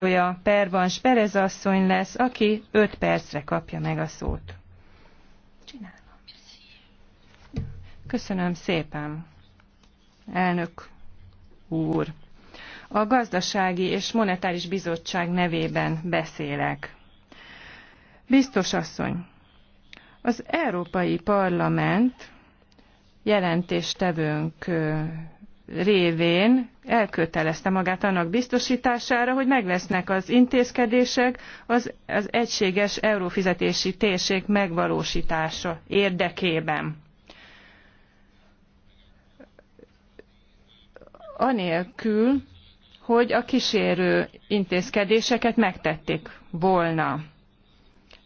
Olyan Pervans Perez asszony lesz, aki 5 percre kapja meg a szót. Csinálom. Köszönöm szépen, elnök úr. A Gazdasági és Monetáris Bizottság nevében beszélek. Biztos asszony, az Európai Parlament jelentéstevőnk révén elkötelezte magát annak biztosítására, hogy meglesznek az intézkedések az, az egységes eurófizetési térség megvalósítása érdekében. Anélkül, hogy a kísérő intézkedéseket megtették volna.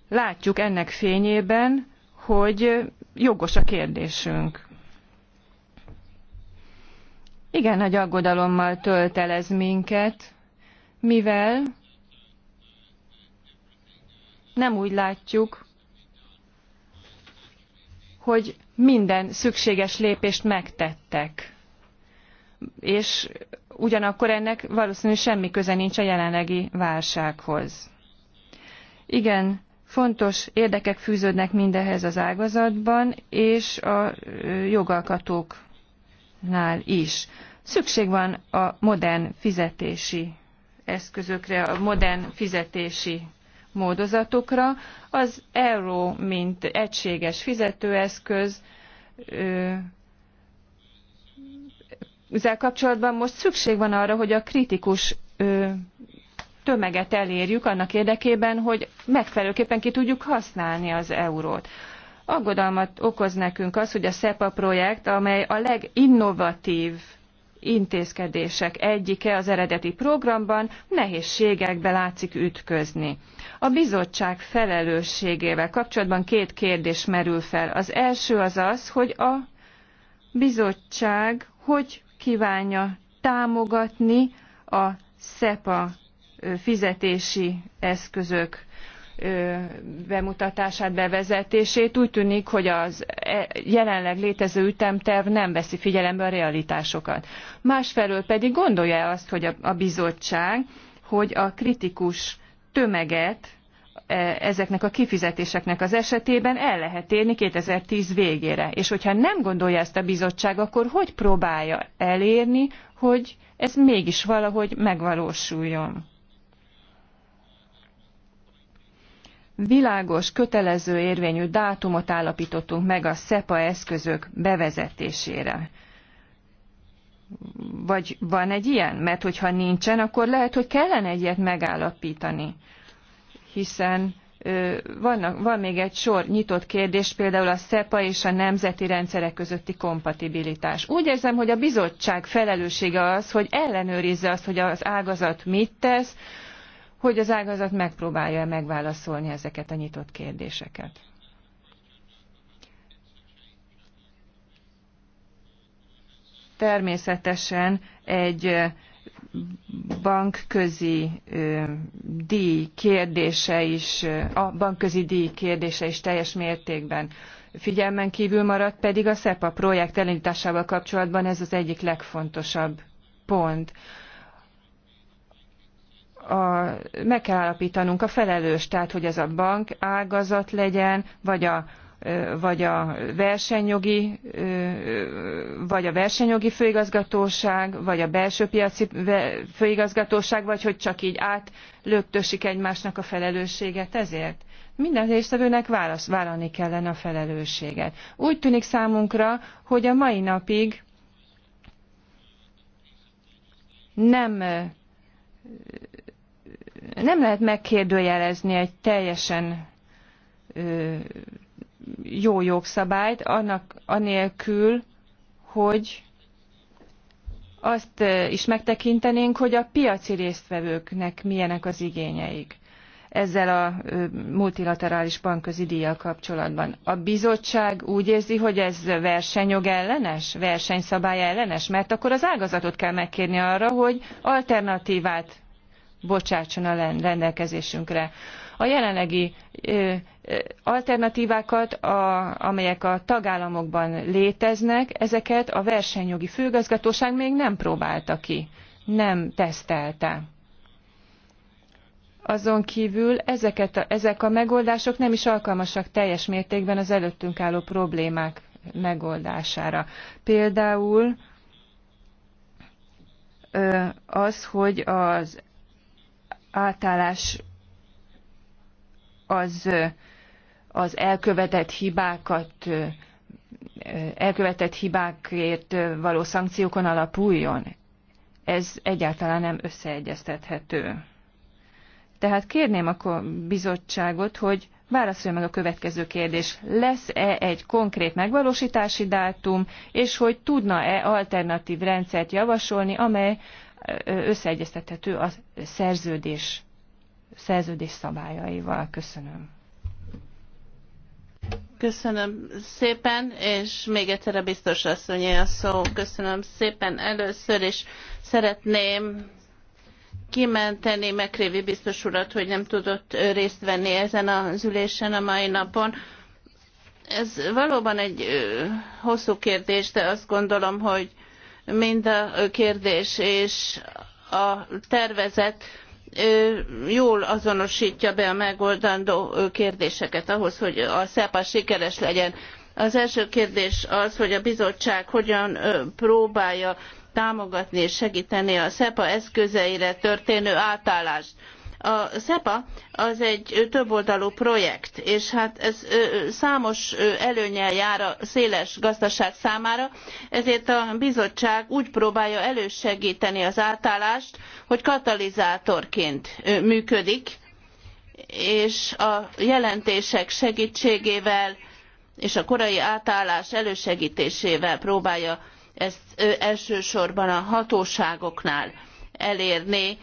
Látjuk ennek fényében, hogy jogos a kérdésünk igen, nagy aggodalommal tölt el ez minket, mivel nem úgy látjuk, hogy minden szükséges lépést megtettek. És ugyanakkor ennek valószínűleg semmi köze nincs a jelenlegi válsághoz. Igen, fontos érdekek fűződnek mindehez az ágazatban, és a jogalkatók nál is. Szükség van a modern fizetési eszközökre, a modern fizetési módozatokra. Az euró, mint egységes fizetőeszköz, ezzel kapcsolatban most szükség van arra, hogy a kritikus ö, tömeget elérjük annak érdekében, hogy megfelelőképpen ki tudjuk használni az eurót. Aggodalmat okoz nekünk az, hogy a SEPA projekt, amely a leginnovatív intézkedések egyike az eredeti programban nehézségekbe látszik ütközni. A bizottság felelősségével kapcsolatban két kérdés merül fel. Az első az az, hogy a bizottság hogy kívánja támogatni a SEPA fizetési eszközök bemutatását, bevezetését. Úgy tűnik, hogy az e, jelenleg létező ütemterv nem veszi figyelembe a realitásokat. Másfelől pedig gondolja azt, hogy a bizottság, hogy a kritikus tömeget e, ezeknek a kifizetéseknek az esetében el lehet érni 2010 végére. És hogyha nem gondolja ezt a bizottság, akkor hogy próbálja elérni, hogy ez mégis valahogy megvalósuljon? világos, kötelező érvényű dátumot állapítottunk meg a SEPA eszközök bevezetésére. Vagy van egy ilyen? Mert hogyha nincsen, akkor lehet, hogy kellene egyet megállapítani. Hiszen vannak, van még egy sor nyitott kérdés, például a SEPA és a nemzeti rendszerek közötti kompatibilitás. Úgy érzem, hogy a bizottság felelőssége az, hogy ellenőrizze azt, hogy az ágazat mit tesz, hogy az ágazat megpróbálja megválaszolni ezeket a nyitott kérdéseket. Természetesen egy bankközi díj kérdése is, a bankközi díj kérdése is teljes mértékben figyelmen kívül maradt, pedig a SEPA projekt elindításával kapcsolatban ez az egyik legfontosabb pont a, meg kell állapítanunk a felelős, tehát hogy ez a bank ágazat legyen, vagy a, vagy a versenyjogi, vagy a versenyjogi főigazgatóság, vagy a belső piaci főigazgatóság, vagy hogy csak így átlöktösik egymásnak a felelősséget ezért? Minden résztvevőnek válasz, vállalni kellene a felelősséget. Úgy tűnik számunkra, hogy a mai napig nem nem lehet megkérdőjelezni egy teljesen jó jogszabályt, annak anélkül, hogy azt is megtekintenénk, hogy a piaci résztvevőknek milyenek az igényeik ezzel a multilaterális bankközi díjjal kapcsolatban. A bizottság úgy érzi, hogy ez versenyjog ellenes, versenyszabály ellenes, mert akkor az ágazatot kell megkérni arra, hogy alternatívát bocsátson a rendelkezésünkre. A jelenlegi alternatívákat, a, amelyek a tagállamokban léteznek, ezeket a versenyjogi főgazgatóság még nem próbálta ki, nem tesztelte. Azon kívül ezeket a, ezek a megoldások nem is alkalmasak teljes mértékben az előttünk álló problémák megoldására. Például az, hogy az átállás az, az elkövetett hibákat elkövetett hibákért való szankciókon alapuljon. Ez egyáltalán nem összeegyeztethető. Tehát kérném a bizottságot, hogy válaszolja meg a következő kérdés. Lesz-e egy konkrét megvalósítási dátum, és hogy tudna-e alternatív rendszert javasolni, amely összeegyeztethető a szerződés, szerződés szabályaival. Köszönöm. Köszönöm szépen, és még egyszer a biztos asszonyé a szó. Köszönöm szépen először, és szeretném kimenteni Mekrévi biztos urat, hogy nem tudott részt venni ezen az ülésen a mai napon. Ez valóban egy hosszú kérdés, de azt gondolom, hogy mind a kérdés és a tervezet jól azonostja be a megoldandó kérdéseket ahhoz hogy a sepa sikeres legyen. az első kérdés az hogy a bizottság hogyan próbálja támogatni és segteni a sepa eszközeire történő átállást a SEPA az egy többoldalú projekt, és hát ez számos előnyel jár a széles gazdaság számára, ezért a bizottság úgy próbálja elősegíteni az átállást, hogy katalizátorként működik, és a jelentések segítségével és a korai átállás elősegítésével próbálja ezt elsősorban a hatóságoknál elérni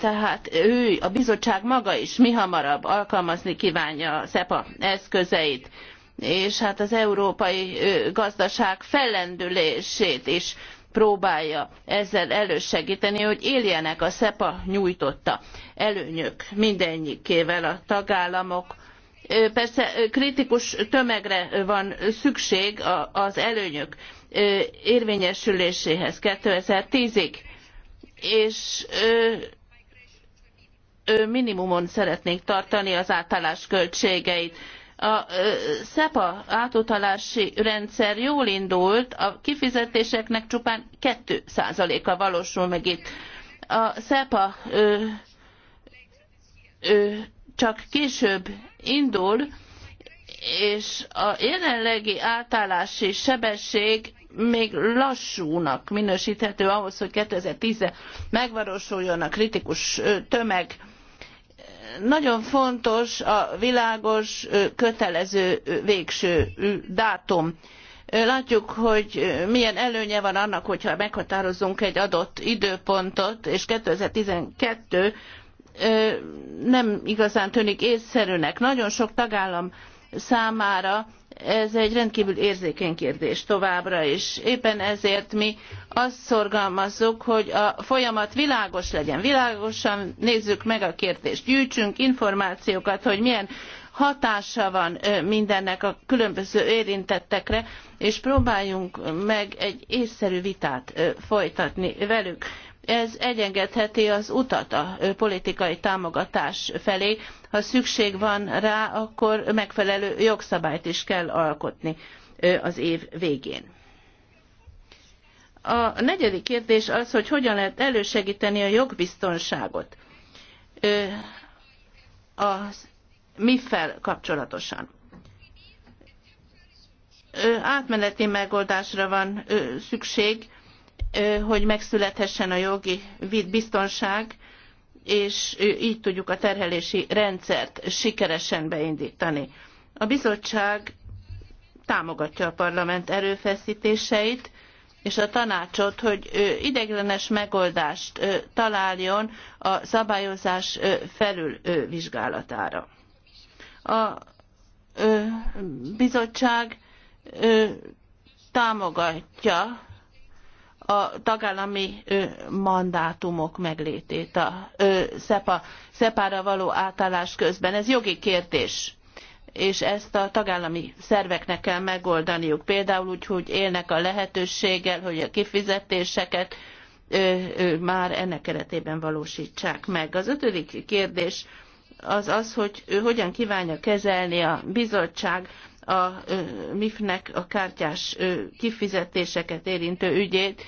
tehát ő, a bizottság maga is mihamarabb alkalmazni kívánja a SEPA eszközeit és hát az európai gazdaság fellendülését is próbálja ezzel elősegíteni, hogy éljenek a SEPA nyújtotta előnyök mindennyikével a tagállamok. Persze kritikus tömegre van szükség az előnyök érvényesüléséhez 2010-ig, és minimumon szeretnénk tartani az átállás költségeit. A SEPA átutalási rendszer jól indult, a kifizetéseknek csupán 2%-a valósul meg itt. A SEPA ö, ö, csak később indul, és a jelenlegi átállási sebesség még lassúnak minősíthető ahhoz, hogy 2010-re megvalósuljon a kritikus tömeg nagyon fontos a világos kötelező végső dátum. Látjuk, hogy milyen előnye van annak, hogyha meghatározunk egy adott időpontot, és 2012 nem igazán tűnik ésszerűnek. Nagyon sok tagállam számára ez egy rendkívül érzékeny kérdés továbbra is. Éppen ezért mi azt szorgalmazzuk, hogy a folyamat világos legyen. Világosan nézzük meg a kérdést, gyűjtsünk információkat, hogy milyen hatása van mindennek a különböző érintettekre, és próbáljunk meg egy észszerű vitát folytatni velük ez egyengetheti az utat a politikai támogatás felé. Ha szükség van rá, akkor megfelelő jogszabályt is kell alkotni az év végén. A negyedik kérdés az, hogy hogyan lehet elősegíteni a jogbiztonságot a MIF-fel kapcsolatosan. Átmeneti megoldásra van szükség, hogy megszülethessen a jogi biztonság, és így tudjuk a terhelési rendszert sikeresen beindítani. A bizottság támogatja a parlament erőfeszítéseit, és a tanácsot, hogy ideiglenes megoldást találjon a szabályozás felülvizsgálatára. A bizottság támogatja a tagállami mandátumok meglétét a SEPA, SEPA-ra való átállás közben. Ez jogi kérdés és ezt a tagállami szerveknek kell megoldaniuk. Például úgy, hogy élnek a lehetőséggel, hogy a kifizetéseket már ennek keretében valósítsák meg. Az ötödik kérdés az az, hogy hogyan kívánja kezelni a bizottság a MIF-nek a kártyás kifizetéseket érintő ügyét.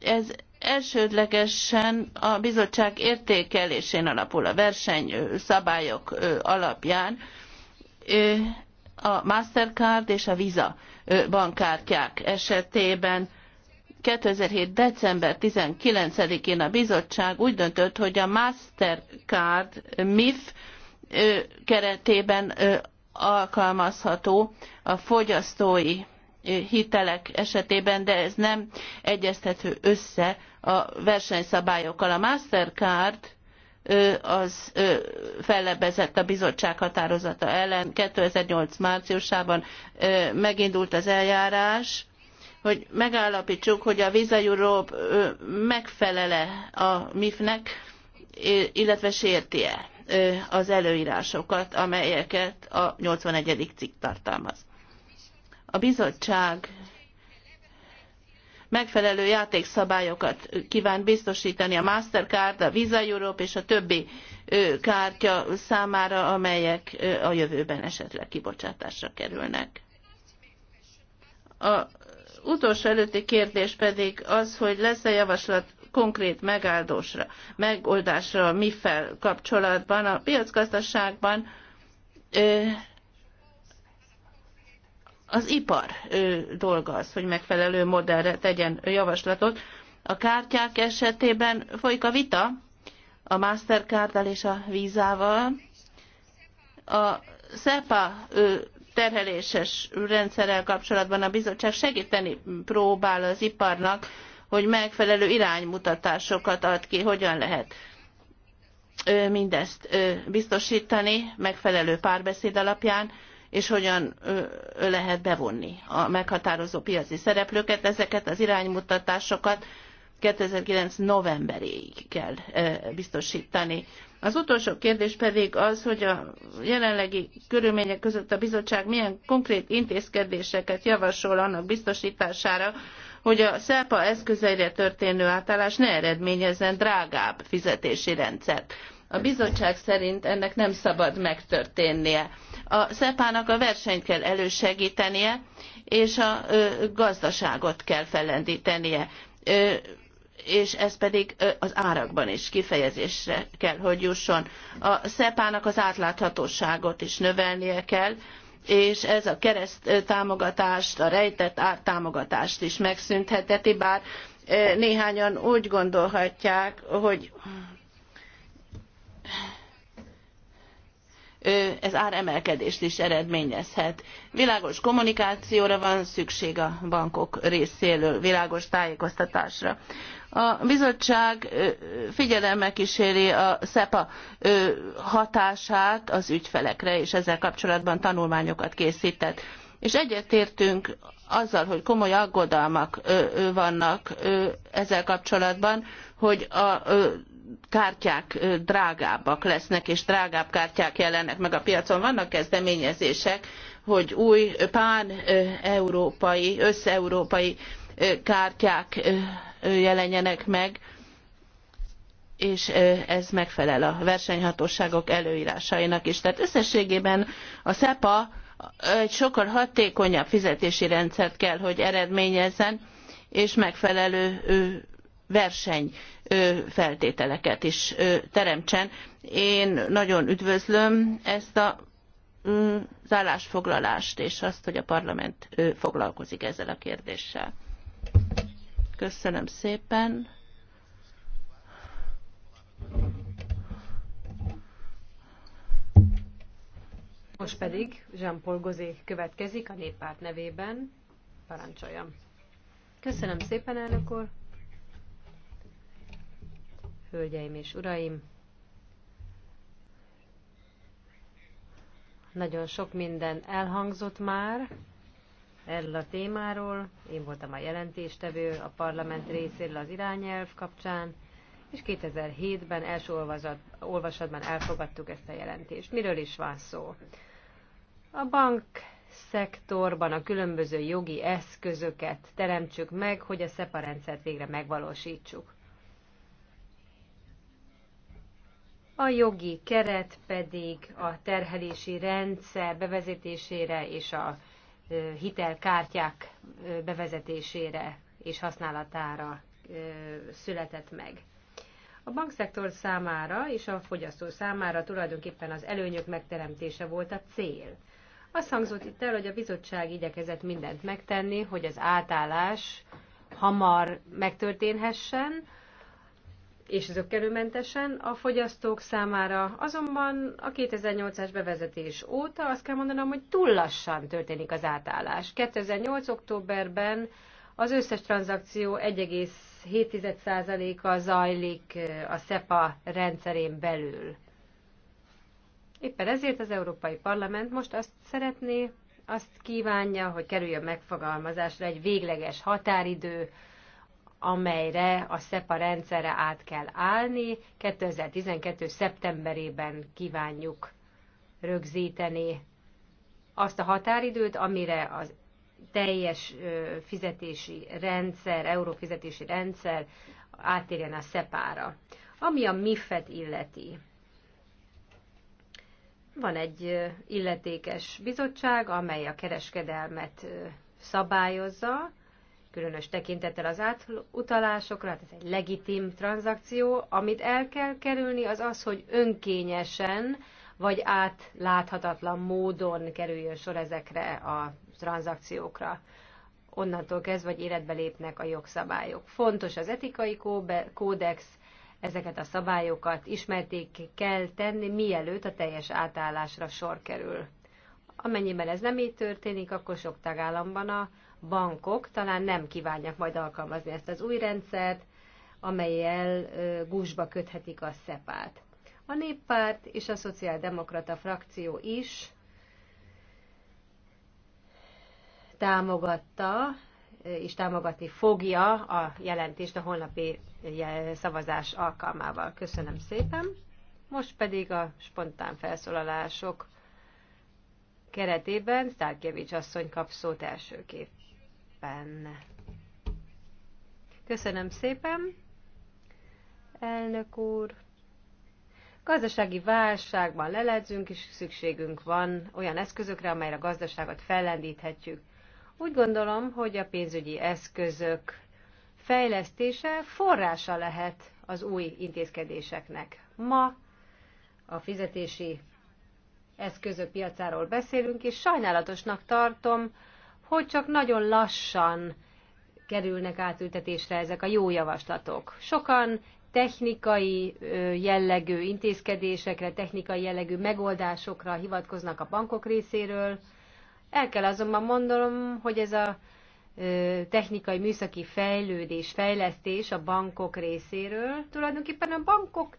Ez elsődlegesen a bizottság értékelésén alapul a versenyszabályok alapján a Mastercard és a Visa bankkártyák esetében 2007. december 19-én a bizottság úgy döntött, hogy a Mastercard MIF keretében alkalmazható a fogyasztói hitelek esetében, de ez nem egyeztethető össze a versenyszabályokkal. A Mastercard az fellebezett a bizottság határozata ellen. 2008 márciusában megindult az eljárás, hogy megállapítsuk, hogy a Visa Europe megfelele a MIF-nek, illetve sérti-e az előírásokat, amelyeket a 81. cikk tartalmaz. A bizottság megfelelő játékszabályokat kíván biztosítani a Mastercard, a Visa Europe és a többi kártya számára, amelyek a jövőben esetleg kibocsátásra kerülnek. A utolsó előtti kérdés pedig az, hogy lesz-e javaslat konkrét megáldósra, megoldásra mi fel kapcsolatban. A piacgazdaságban az ipar dolga az, hogy megfelelő modellre tegyen javaslatot. A kártyák esetében folyik a vita a Mastercard-dal és a vízával. A SEPA terheléses rendszerrel kapcsolatban a bizottság segíteni próbál az iparnak, hogy megfelelő iránymutatásokat ad ki, hogyan lehet mindezt biztosítani megfelelő párbeszéd alapján, és hogyan lehet bevonni a meghatározó piaci szereplőket. Ezeket az iránymutatásokat 2009. novemberéig kell biztosítani. Az utolsó kérdés pedig az, hogy a jelenlegi körülmények között a bizottság milyen konkrét intézkedéseket javasol annak biztosítására, hogy a SEPA eszközeire történő átállás ne eredményezzen drágább fizetési rendszert. A bizottság szerint ennek nem szabad megtörténnie. A SEPA-nak a versenyt kell elősegítenie, és a gazdaságot kell fellendítenie és ez pedig az árakban is kifejezésre kell, hogy jusson. A SZEPÁ-nak az átláthatóságot is növelnie kell, és ez a kereszt támogatást, a rejtett ártámogatást is megszüntheteti, bár néhányan úgy gondolhatják, hogy ez áremelkedést is eredményezhet. Világos kommunikációra van szükség a bankok részéről, világos tájékoztatásra. A bizottság figyelemmel kíséri a SEPA hatását az ügyfelekre, és ezzel kapcsolatban tanulmányokat készített. És egyetértünk azzal, hogy komoly aggodalmak vannak ezzel kapcsolatban, hogy a kártyák drágábbak lesznek, és drágább kártyák jelennek meg a piacon. Vannak kezdeményezések, hogy új páneurópai európai összeurópai kártyák jelenjenek meg, és ez megfelel a versenyhatóságok előírásainak is. Tehát összességében a SEPA egy sokkal hatékonyabb fizetési rendszert kell, hogy eredményezzen, és megfelelő versenyfeltételeket feltételeket is teremtsen. Én nagyon üdvözlöm ezt a az állásfoglalást, és azt, hogy a parlament foglalkozik ezzel a kérdéssel. Köszönöm szépen. Most pedig Jean-Paul Gozé következik a néppárt nevében. Parancsoljam. Köszönöm szépen, elnök úr hölgyeim és uraim! Nagyon sok minden elhangzott már erről a témáról. Én voltam a jelentéstevő a parlament részéről az irányelv kapcsán, és 2007-ben első olvasatban elfogadtuk ezt a jelentést. Miről is van szó? A bank szektorban a különböző jogi eszközöket teremtsük meg, hogy a szeparendszert végre megvalósítsuk. a jogi keret pedig a terhelési rendszer bevezetésére és a hitelkártyák bevezetésére és használatára született meg. A bankszektor számára és a fogyasztó számára tulajdonképpen az előnyök megteremtése volt a cél. Azt hangzott itt el, hogy a bizottság igyekezett mindent megtenni, hogy az átállás hamar megtörténhessen, és zöggenőmentesen a fogyasztók számára. Azonban a 2008-as bevezetés óta azt kell mondanom, hogy túl lassan történik az átállás. 2008. októberben az összes tranzakció 1,7%-a zajlik eh, a SEPA rendszerén belül. Éppen ezért az Európai Parlament most azt szeretné, azt kívánja, hogy kerüljön megfogalmazásra egy végleges határidő, amelyre a SEPA rendszere át kell állni. 2012. szeptemberében kívánjuk rögzíteni azt a határidőt, amire az teljes fizetési rendszer, eurófizetési rendszer átérjen a SEPA-ra. Ami a MIFET illeti, van egy illetékes bizottság, amely a kereskedelmet szabályozza, különös tekintettel az átutalásokra, tehát egy legitim tranzakció. Amit el kell kerülni, az az, hogy önkényesen vagy átláthatatlan módon kerüljön sor ezekre a tranzakciókra. Onnantól kezdve, vagy életbe lépnek a jogszabályok. Fontos az etikai kódex, ezeket a szabályokat ismerték kell tenni, mielőtt a teljes átállásra sor kerül. Amennyiben ez nem így történik, akkor sok tagállamban a bankok talán nem kívánják majd alkalmazni ezt az új rendszert, amelyel gúzsba köthetik a szepát. A néppárt és a szociáldemokrata frakció is támogatta és támogatni fogja a jelentést a holnapi szavazás alkalmával. Köszönöm szépen. Most pedig a spontán felszólalások keretében Sztárkjevics asszony kap szót elsőképp szépen. Köszönöm szépen, elnök úr. Gazdasági válságban leledzünk, és szükségünk van olyan eszközökre, amelyre a gazdaságot fellendíthetjük. Úgy gondolom, hogy a pénzügyi eszközök fejlesztése forrása lehet az új intézkedéseknek. Ma a fizetési eszközök piacáról beszélünk, és sajnálatosnak tartom, hogy csak nagyon lassan kerülnek átültetésre ezek a jó javaslatok. Sokan technikai jellegű intézkedésekre, technikai jellegű megoldásokra hivatkoznak a bankok részéről. El kell azonban mondanom, hogy ez a technikai műszaki fejlődés, fejlesztés a bankok részéről tulajdonképpen a bankok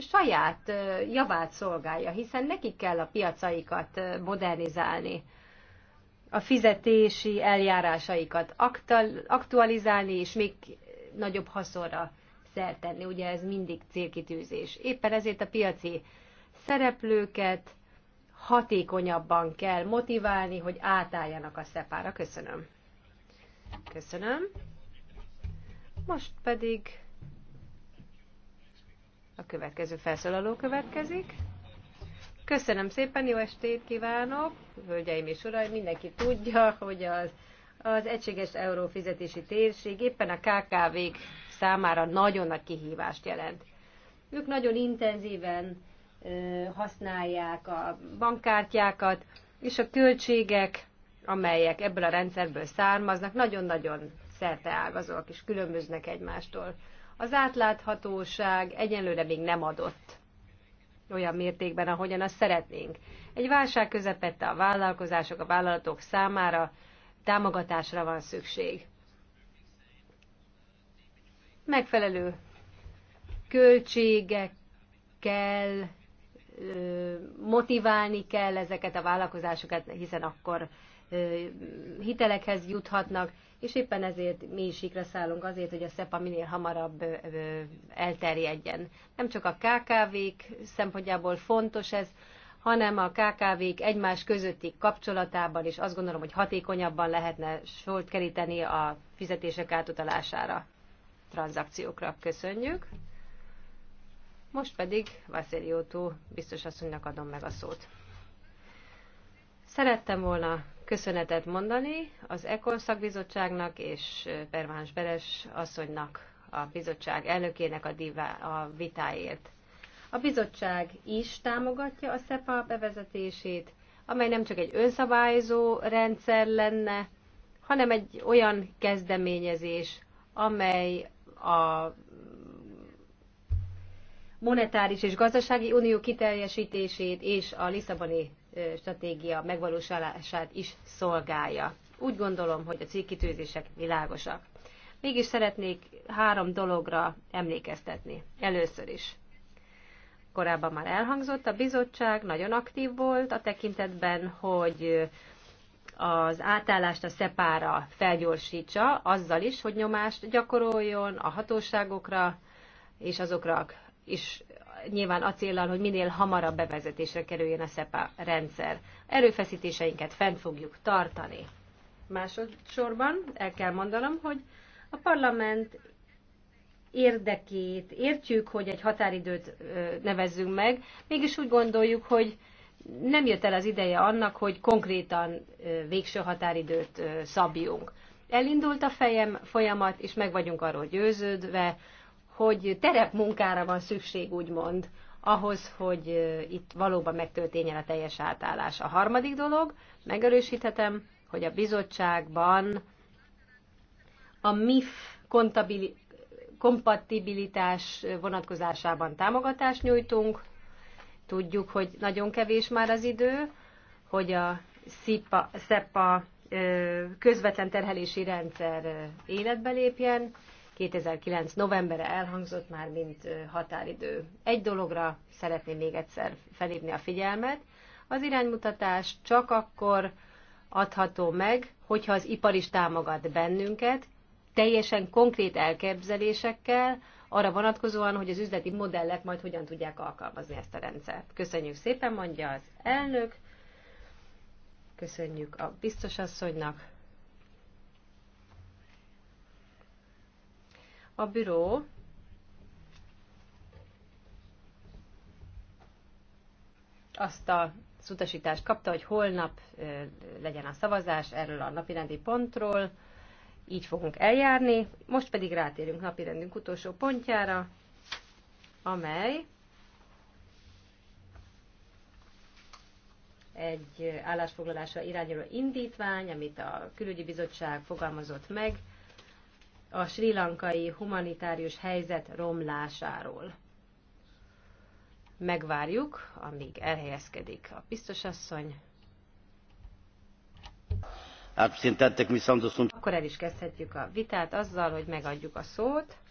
saját javát szolgálja, hiszen nekik kell a piacaikat modernizálni a fizetési eljárásaikat aktualizálni, és még nagyobb haszonra szertenni. Ugye ez mindig célkitűzés. Éppen ezért a piaci szereplőket hatékonyabban kell motiválni, hogy átálljanak a szepára. Köszönöm. Köszönöm. Most pedig a következő felszólaló következik. Köszönöm szépen, jó estét kívánok! Hölgyeim és uraim, mindenki tudja, hogy az, az egységes eurófizetési térség éppen a KKV-k számára nagyon nagy kihívást jelent. Ők nagyon intenzíven ö, használják a bankkártyákat, és a költségek, amelyek ebből a rendszerből származnak, nagyon-nagyon szerteágazóak és különböznek egymástól. Az átláthatóság egyenlőre még nem adott olyan mértékben, ahogyan azt szeretnénk. Egy válság közepette a vállalkozások, a vállalatok számára támogatásra van szükség. Megfelelő költségekkel motiválni kell ezeket a vállalkozásokat, hiszen akkor hitelekhez juthatnak, és éppen ezért mi is sikra szállunk azért, hogy a SEPA minél hamarabb elterjedjen. Nem csak a KKV-k szempontjából fontos ez, hanem a KKV-k egymás közötti kapcsolatában, is. azt gondolom, hogy hatékonyabban lehetne sort keríteni a fizetések átutalására, tranzakciókra. Köszönjük! Most pedig Vasziliótó biztos asszonynak adom meg a szót. Szerettem volna köszönetet mondani az Ekon szakbizottságnak és Perváns Beres asszonynak, a bizottság elnökének a, divá, a vitáért. A bizottság is támogatja a SEPA bevezetését, amely nem csak egy önszabályzó rendszer lenne, hanem egy olyan kezdeményezés, amely a monetáris és gazdasági unió kiteljesítését és a Lisszaboni stratégia megvalósulását is szolgálja. Úgy gondolom, hogy a célkitűzések világosak. Mégis szeretnék három dologra emlékeztetni. Először is. Korábban már elhangzott, a bizottság nagyon aktív volt a tekintetben, hogy az átállást a szepára felgyorsítsa, azzal is, hogy nyomást gyakoroljon a hatóságokra és azokra a és nyilván a célral, hogy minél hamarabb bevezetésre kerüljön a SEPA rendszer. Erőfeszítéseinket fent fogjuk tartani. Másodszorban el kell mondanom, hogy a parlament érdekét értjük, hogy egy határidőt nevezzünk meg, mégis úgy gondoljuk, hogy nem jött el az ideje annak, hogy konkrétan végső határidőt szabjunk. Elindult a fejem folyamat, és meg vagyunk arról győződve, hogy terepmunkára van szükség, úgymond, ahhoz, hogy itt valóban megtörténjen a teljes átállás. A harmadik dolog, megerősíthetem, hogy a bizottságban a MIF kompatibilitás vonatkozásában támogatást nyújtunk. Tudjuk, hogy nagyon kevés már az idő, hogy a SZEPA közvetlen terhelési rendszer életbe lépjen, 2009. novembere elhangzott már, mint határidő. Egy dologra szeretném még egyszer felhívni a figyelmet. Az iránymutatás csak akkor adható meg, hogyha az ipar is támogat bennünket, teljesen konkrét elképzelésekkel, arra vonatkozóan, hogy az üzleti modellek majd hogyan tudják alkalmazni ezt a rendszert. Köszönjük szépen, mondja az elnök. Köszönjük a biztosasszonynak. A büró azt a az utasítást kapta, hogy holnap legyen a szavazás erről a napirendi pontról. Így fogunk eljárni. Most pedig rátérünk napirendünk utolsó pontjára, amely egy állásfoglalásra irányuló indítvány, amit a külügyi bizottság fogalmazott meg, a sri lankai humanitárius helyzet romlásáról. Megvárjuk, amíg elhelyezkedik a biztosasszony. Akkor el is kezdhetjük a vitát azzal, hogy megadjuk a szót.